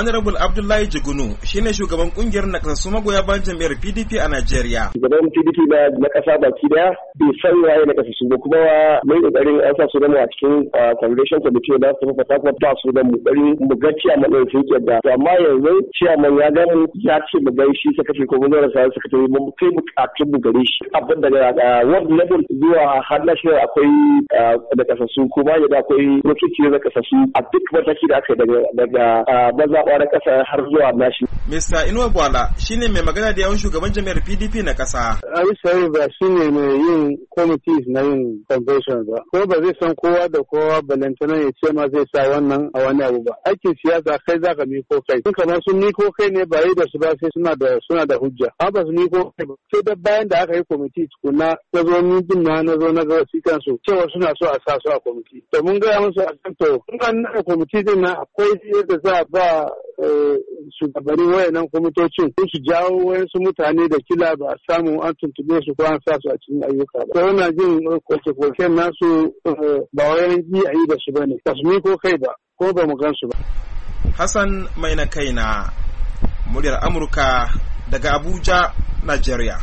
honorable abdullahi jigunu shine shugaban kungiyar nakasassu magoya bayan jam'iyyar pdp a najeriya shugaban pdp na na kasa baki daya bai san waye na kasassu ba kuma mai kokarin an sa su a cikin foundation committee na su fata kuma ta su da mu kokari mu ga chairman din sun da to amma yanzu chairman ya ga mu ya ce mu ga shi sakatare ko mun rasa sakatare mun kai bukatun mu gare shi abin daga world level zuwa har shi akwai da kasassu kuma yadda akwai rokici na kasassu a duk mataki da aka daga daga maza وانا كفى ماشي Mr. Inuwa Gwala ne mai magana da yawan shugaban jami'ar PDP na ƙasa. Aisha ba ne mai yin committees na yin convention ba. Ko ba zai san kowa da kowa balantana ya ce ma zai sa wannan a wani abu ba. Aikin siyasa kai za ka miko kai. Sun kamar sun miko kai ne ba yi da su ba sai suna da suna da hujja. Ha ba su miko kai ba. Sai da bayan da aka yi kwamiti tukuna na zo ni din na na zo na ga su cewa suna so a sa su a kwamiti. To mun gaya musu a kan to. Kuma na kwamiti din na akwai yadda za a ba shugabanni wayannan kwamitocin sun su jawo wayansu mutane da kila ba a samu an tuntube su ko an sa su a cikin ayyuka ba. Sai na jin kwace-kwacen nasu eh, ba wayan yi a yi da su ba ne, ba ko kai ba, ko ba mu gan su ba. Hassan mai na kai na muryar Amurka daga Abuja, Najeriya.